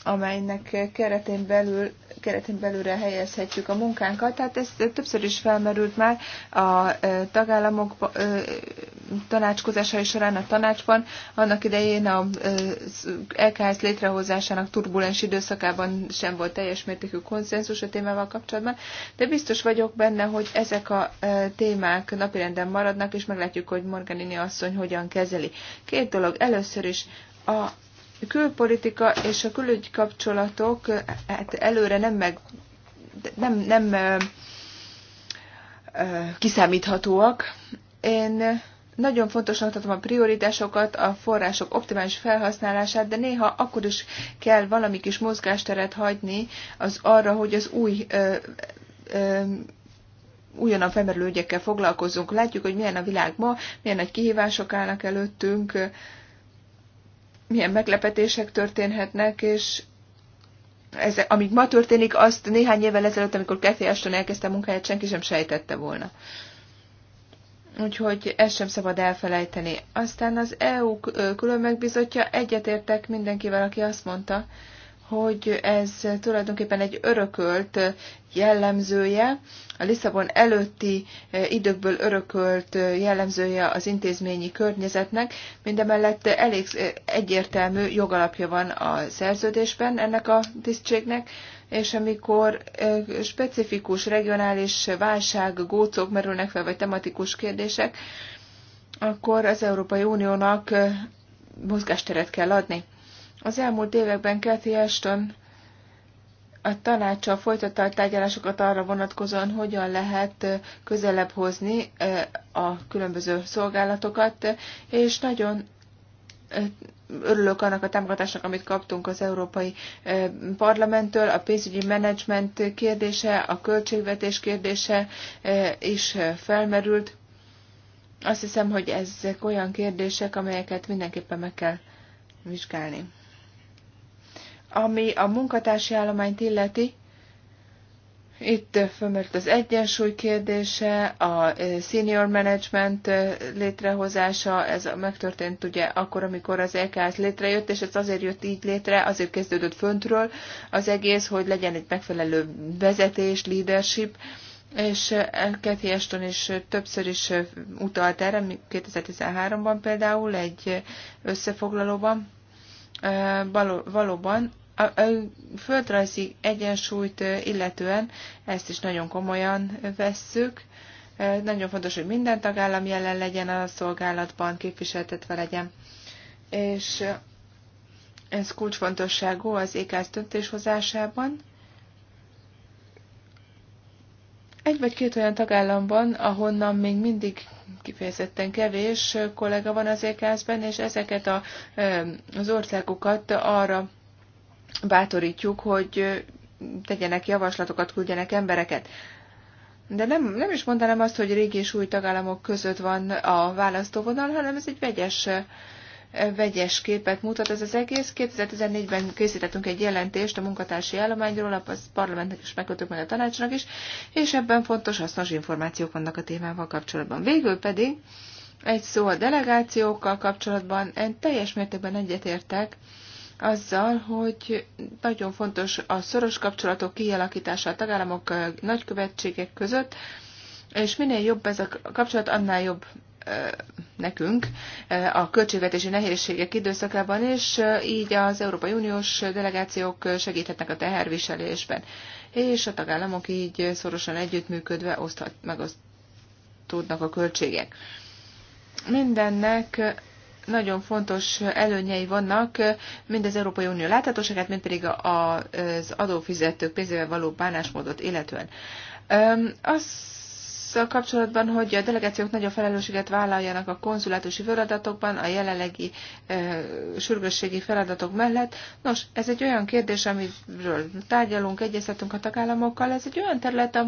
[SPEAKER 1] amelynek keretén belül keretén belülre helyezhetjük a munkánkat. Tehát ez többször is felmerült már a e, tagállamok e, tanácskozásai során a tanácsban. Annak idején a e, LKS létrehozásának turbulens időszakában sem volt teljes mértékű konszenzus a témával kapcsolatban, de biztos vagyok benne, hogy ezek a témák napirenden maradnak, és meglátjuk, hogy Morganini asszony hogyan kezeli. Két dolog. Először is a külpolitika és a külügy kapcsolatok hát előre nem meg, nem, nem ö, ö, kiszámíthatóak. Én nagyon fontosnak tartom a prioritásokat, a források optimális felhasználását, de néha akkor is kell valami kis mozgásteret hagyni az arra, hogy az új ö, ö, újonnan felmerülő ügyekkel foglalkozunk. Látjuk, hogy milyen a világ ma, milyen nagy kihívások állnak előttünk. Ö, milyen meglepetések történhetnek, és ez, amíg ma történik, azt néhány évvel ezelőtt, amikor Kathy Ashton elkezdte a munkáját, senki sem sejtette volna. Úgyhogy ezt sem szabad elfelejteni. Aztán az EU külön megbizotja egyetértek mindenkivel, aki azt mondta, hogy ez tulajdonképpen egy örökölt jellemzője, a Lisszabon előtti eh, időkből örökölt eh, jellemzője az intézményi környezetnek, mindemellett eh, elég egyértelmű jogalapja van a szerződésben ennek a tisztségnek, és amikor specifikus regionális válság gócok merülnek fel, vagy tematikus kérdések, akkor az Európai Uniónak mozgásteret kell adni. Az elmúlt években Kathy Ashton a tanácssal folytatta a tárgyalásokat arra vonatkozóan, hogyan lehet közelebb hozni a különböző szolgálatokat, és nagyon örülök annak a támogatásnak, amit kaptunk az Európai Parlamenttől, a pénzügyi menedzsment kérdése, a költségvetés kérdése is felmerült. Azt hiszem, hogy ezek olyan kérdések, amelyeket mindenképpen meg kell vizsgálni. Ami a munkatársi állományt illeti, itt fölmerült az egyensúly kérdése, a eh, senior management eh, létrehozása, ez megtörtént ugye akkor, amikor az EKS létrejött, és ez azért jött így létre, azért kezdődött föntről az egész, hogy legyen egy megfelelő vezetés, leadership, és Kathy eh, Ashton is többször is utalt erre, 2013-ban például egy összefoglalóban, valóban a, a földrajzi egyensúlyt illetően ezt is nagyon komolyan vesszük. Nagyon fontos, hogy minden tagállam jelen legyen a szolgálatban, képviseltetve legyen. És ez kulcsfontosságú az ékász döntéshozásában. Egy vagy két olyan tagállamban, ahonnan még mindig kifejezetten kevés kollega van az ékászben, és ezeket a, az országokat arra bátorítjuk, hogy tegyenek javaslatokat, küldjenek embereket. De nem, nem is mondanám azt, hogy régi és új tagállamok között van a választóvonal, hanem ez egy vegyes, vegyes képet mutat ez az egész. 2014-ben készítettünk egy jelentést a munkatársi állományról, a parlamentnek is megkötök meg a tanácsnak is, és ebben fontos, hasznos információk vannak a témával kapcsolatban. Végül pedig egy szó a delegációkkal kapcsolatban, én teljes mértékben egyetértek, azzal, hogy nagyon fontos a szoros kapcsolatok kialakítása a tagállamok nagykövetségek között, és minél jobb ez a kapcsolat, annál jobb nekünk a költségvetési nehézségek időszakában, és így az Európai Uniós delegációk segíthetnek a teherviselésben, és a tagállamok így szorosan együttműködve oszthat, megosztódnak a költségek. Mindennek nagyon fontos előnyei vannak mind az Európai Unió láthatóságát, mind pedig az adófizetők pénzével való bánásmódot illetően. a kapcsolatban, hogy a delegációk nagyobb felelősséget vállaljanak a konzulátusi feladatokban, a jelenlegi e, sürgősségi feladatok mellett. Nos, ez egy olyan kérdés, amiről tárgyalunk, egyeztetünk a tagállamokkal. Ez egy olyan terület,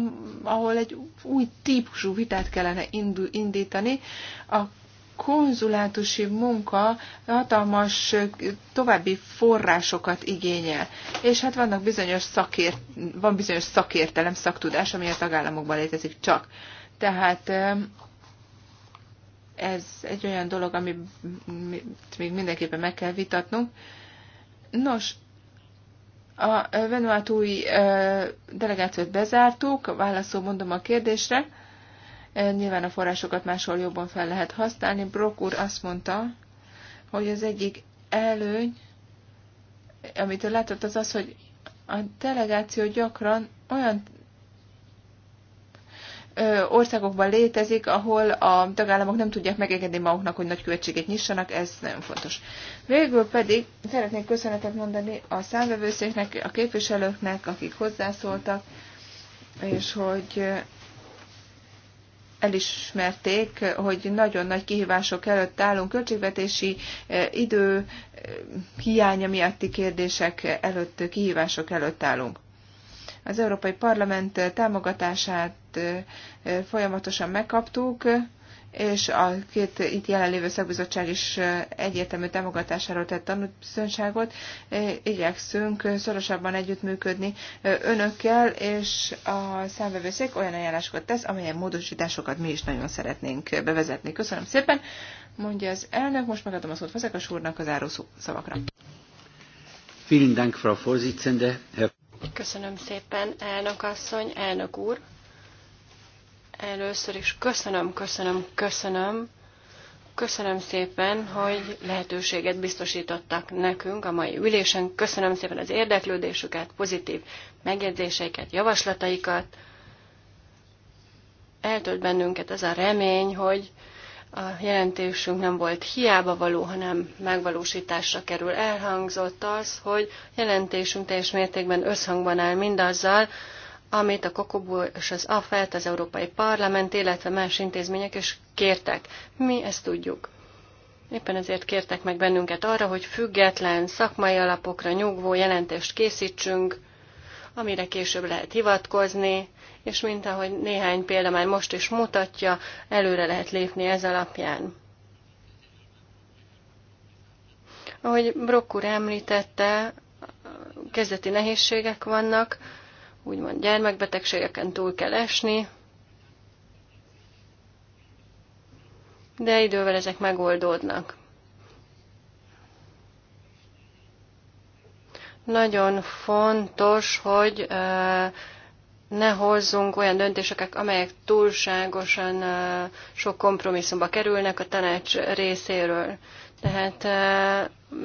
[SPEAKER 1] ahol egy új típusú vitát kellene indítani a konzulátusi munka hatalmas további forrásokat igényel. És hát vannak bizonyos szakért, van bizonyos szakértelem, szaktudás, ami a tagállamokban létezik csak. Tehát ez egy olyan dolog, amit még mindenképpen meg kell vitatnunk. Nos, a Venuatúi delegációt bezártuk, válaszol mondom a kérdésre. Eh, nyilván a forrásokat máshol jobban fel lehet használni. Brock úr azt mondta, hogy az egyik előny, amit ő látott, az az, hogy a delegáció gyakran olyan országokban létezik, ahol a tagállamok nem tudják megengedni maguknak, hogy nagy nagykövetséget nyissanak, ez nagyon fontos. Végül pedig szeretnék köszönetet mondani a számvevőszéknek, a képviselőknek, akik hozzászóltak, és hogy elismerték, hogy nagyon nagy kihívások előtt állunk, költségvetési eh, idő eh, hiánya miatti kérdések előtt, kihívások előtt állunk. Az Európai Parlament eh, támogatását folyamatosan megkaptuk, és a két itt jelenlévő szakbizottság is egyértelmű támogatásáról tett tanúszönságot. Igyekszünk szorosabban együttműködni önökkel, és a számvevőszék olyan ajánlásokat tesz, amelyen módosításokat mi is nagyon szeretnénk bevezetni. Köszönöm szépen, mondja az elnök, most megadom a szót Fazekas úrnak az áró szavakra.
[SPEAKER 2] Vielen Dank, Frau Vorsitzende.
[SPEAKER 3] Köszönöm szépen, elnök asszony, elnök úr. Először is köszönöm, köszönöm, köszönöm. Köszönöm szépen, hogy lehetőséget biztosítottak nekünk a mai ülésen. Köszönöm szépen az érdeklődésüket, pozitív megjegyzéseiket, javaslataikat. Eltölt bennünket ez a remény, hogy a jelentésünk nem volt hiába való, hanem megvalósításra kerül. Elhangzott az, hogy jelentésünk teljes mértékben összhangban áll mindazzal, amit a Kokobu és az AFET, az Európai Parlament, illetve más intézmények is kértek. Mi ezt tudjuk. Éppen ezért kértek meg bennünket arra, hogy független, szakmai alapokra nyugvó jelentést készítsünk, amire később lehet hivatkozni, és mint ahogy néhány példa már most is mutatja, előre lehet lépni ez alapján. Ahogy Brokkur említette, kezdeti nehézségek vannak, úgymond gyermekbetegségeken túl kell esni, de idővel ezek megoldódnak. Nagyon fontos, hogy ne hozzunk olyan döntéseket, amelyek túlságosan sok kompromisszumba kerülnek a tanács részéről. Tehát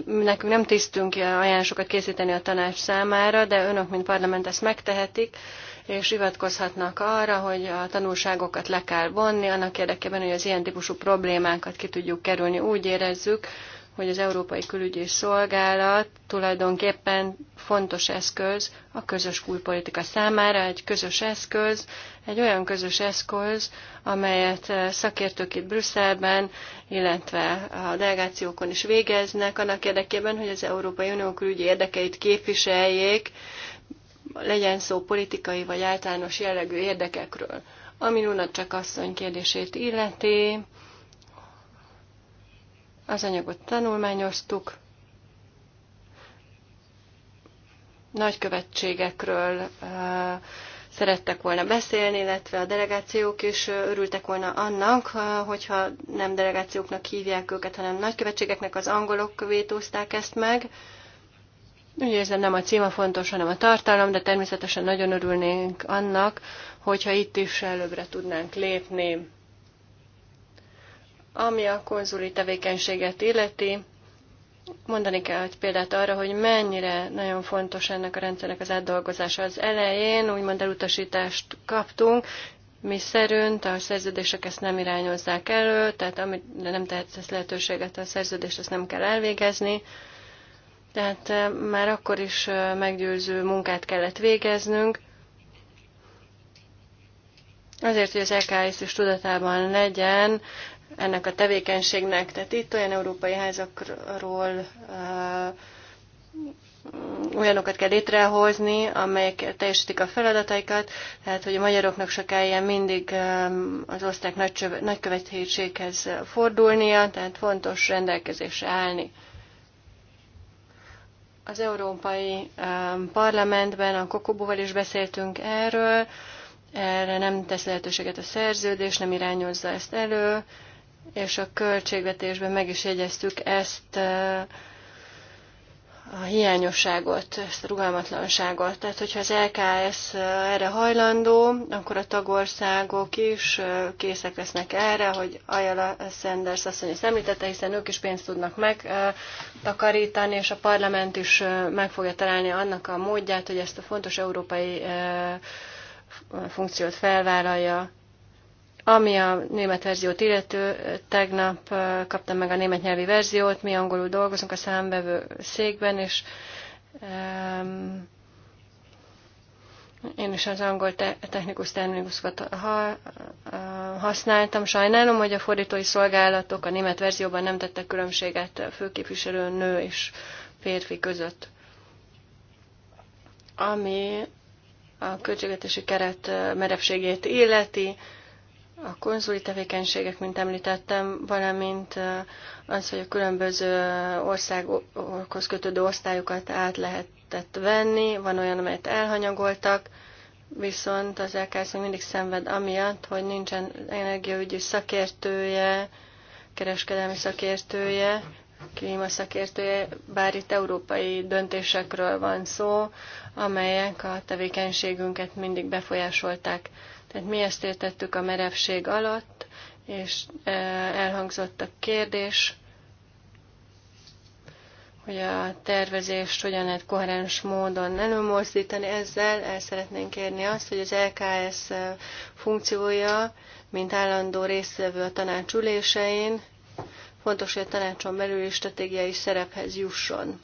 [SPEAKER 3] nekünk nem tisztünk ajánlásokat készíteni a tanács számára, de önök, mint parlament ezt megtehetik, és hivatkozhatnak arra, hogy a tanulságokat le kell vonni, annak érdekében, hogy az ilyen típusú problémákat ki tudjuk kerülni. Úgy érezzük, hogy az Európai Külügyi Szolgálat tulajdonképpen fontos eszköz a közös külpolitika számára, egy közös eszköz, egy olyan közös eszköz, amelyet eh, szakértők itt Brüsszelben, illetve a delegációkon is végeznek, annak érdekében, hogy az Európai Unió külügyi érdekeit képviseljék, legyen szó politikai vagy általános jellegű érdekekről. Ami Luna csak asszony kérdését illeti, az anyagot tanulmányoztuk, nagykövetségekről szerettek volna beszélni, illetve a delegációk is örültek volna annak, hogyha nem delegációknak hívják őket, hanem nagykövetségeknek az angolok vétózták ezt meg. Úgy érzem, nem a címa fontos, hanem a tartalom, de természetesen nagyon örülnénk annak, hogyha itt is előbbre tudnánk lépni. Ami a konzuli tevékenységet illeti, mondani kell egy példát arra, hogy mennyire nagyon fontos ennek a rendszernek az átdolgozása. Az elején úgymond elutasítást kaptunk, mi szerint a szerződések ezt nem irányozzák elő, tehát amit nem tehetsz ezt lehetőséget, a szerződést ezt nem kell elvégezni. Tehát eh, már akkor is eh, meggyőző munkát kellett végeznünk. Azért, hogy az EKS is tudatában legyen ennek a tevékenységnek. Tehát itt olyan európai házakról olyanokat kell létrehozni, amelyek teljesítik a feladataikat, tehát hogy a magyaroknak sokáig mindig az osztrák nagykövetséghez fordulnia, tehát fontos rendelkezésre állni. Az Európai Parlamentben a Kokobóval is beszéltünk erről, erre nem tesz lehetőséget a szerződés, nem irányozza ezt elő, és a költségvetésben meg is jegyeztük ezt eh, a hiányosságot, ezt a rugalmatlanságot. Tehát, hogyha az LKS eh, erre hajlandó, akkor a tagországok is eh, készek lesznek erre, hogy Ajala Sanders asszony ezt említette, hiszen ők is pénzt tudnak megtakarítani, és a parlament is meg fogja találni annak a módját, hogy ezt a fontos európai funkciót felvállalja ami a német verziót illető, tegnap kaptam meg a német nyelvi verziót, mi angolul dolgozunk a számbevő székben, és um, én is az angol te- technikus terminusokat ha- használtam. Sajnálom, hogy a fordítói szolgálatok a német verzióban nem tettek különbséget főképviselő nő és férfi között. Ami a költségvetési keret merevségét illeti, a konzuli tevékenységek, mint említettem, valamint eh, az, hogy a különböző országokhoz kötődő osztályokat át lehetett venni, van olyan, amelyet elhanyagoltak, viszont az LKS mindig szenved amiatt, hogy nincsen energiaügyi szakértője, kereskedelmi szakértője, szakértője, bár itt európai döntésekről van szó, amelyek a tevékenységünket mindig befolyásolták. Tehát mi ezt értettük a merevség alatt, és e, elhangzott a kérdés, hogy a tervezést hogyan lehet koherens módon előmozdítani. Ezzel el szeretnénk kérni azt, hogy az LKS funkciója, mint állandó résztvevő a tanácsülésein, fontos, hogy a tanácson belüli stratégiai szerephez jusson.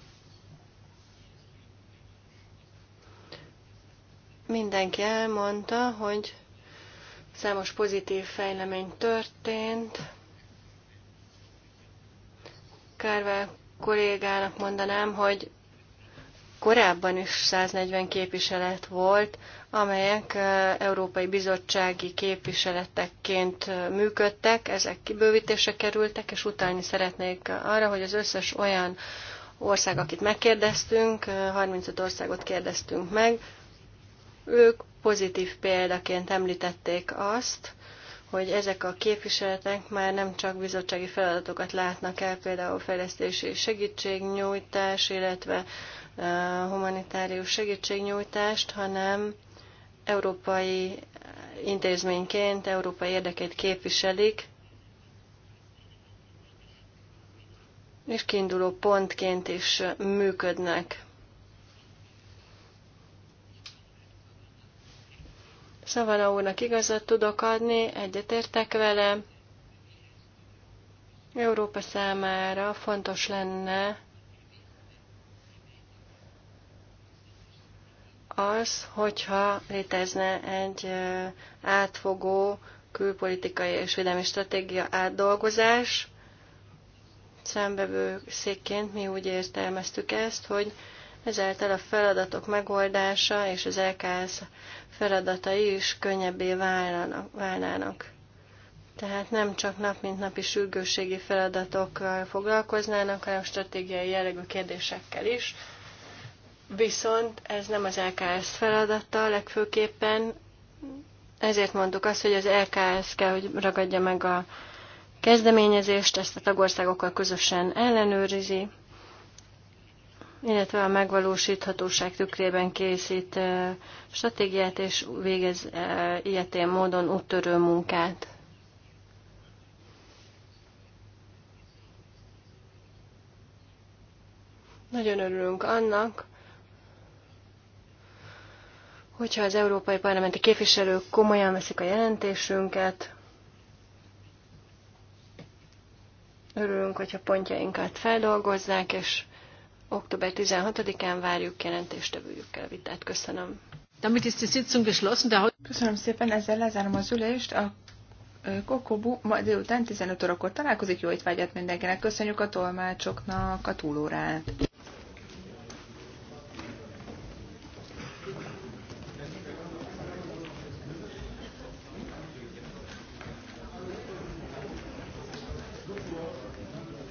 [SPEAKER 3] Mindenki elmondta, hogy Számos pozitív fejlemény történt. Kárvá kollégának mondanám, hogy korábban is 140 képviselet volt, amelyek Európai Bizottsági képviseletekként működtek, ezek kibővítése kerültek, és utalni szeretnék arra, hogy az összes olyan ország, akit megkérdeztünk, 35 országot kérdeztünk meg, ők pozitív példaként említették azt, hogy ezek a képviseletek már nem csak bizottsági feladatokat látnak el, például fejlesztési segítségnyújtás, illetve humanitárius segítségnyújtást, hanem európai intézményként európai érdekét képviselik, és kiinduló pontként is működnek. Szavana úrnak igazat tudok adni, egyetértek vele. Európa számára fontos lenne az, hogyha létezne egy átfogó külpolitikai és védelmi stratégia átdolgozás. Szembevő székként mi úgy értelmeztük ezt, hogy ezáltal a feladatok megoldása és az LKS feladatai is könnyebbé válnának. Tehát nem csak nap mint napi sürgősségi feladatokkal foglalkoznának, hanem stratégiai jellegű kérdésekkel is. Viszont ez nem az LKS feladata legfőképpen, ezért mondtuk azt, hogy az LKS kell, hogy ragadja meg a kezdeményezést, ezt a tagországokkal közösen ellenőrizi, illetve a megvalósíthatóság tükrében készít stratégiát és végez ilyetén módon úttörő munkát. Nagyon örülünk annak, hogyha az európai parlamenti képviselők komolyan veszik a jelentésünket, örülünk, hogyha pontjainkat feldolgozzák, és Október 16-án várjuk jelentéstevőjükkel a vitát. Köszönöm.
[SPEAKER 1] Damit ist die Sitzung geschlossen. Köszönöm szépen, ezzel lezárom az ülést. A Kokobu ma délután 15 órakor találkozik, jó étvágyat mindenkinek. Köszönjük a tolmácsoknak a túlórát.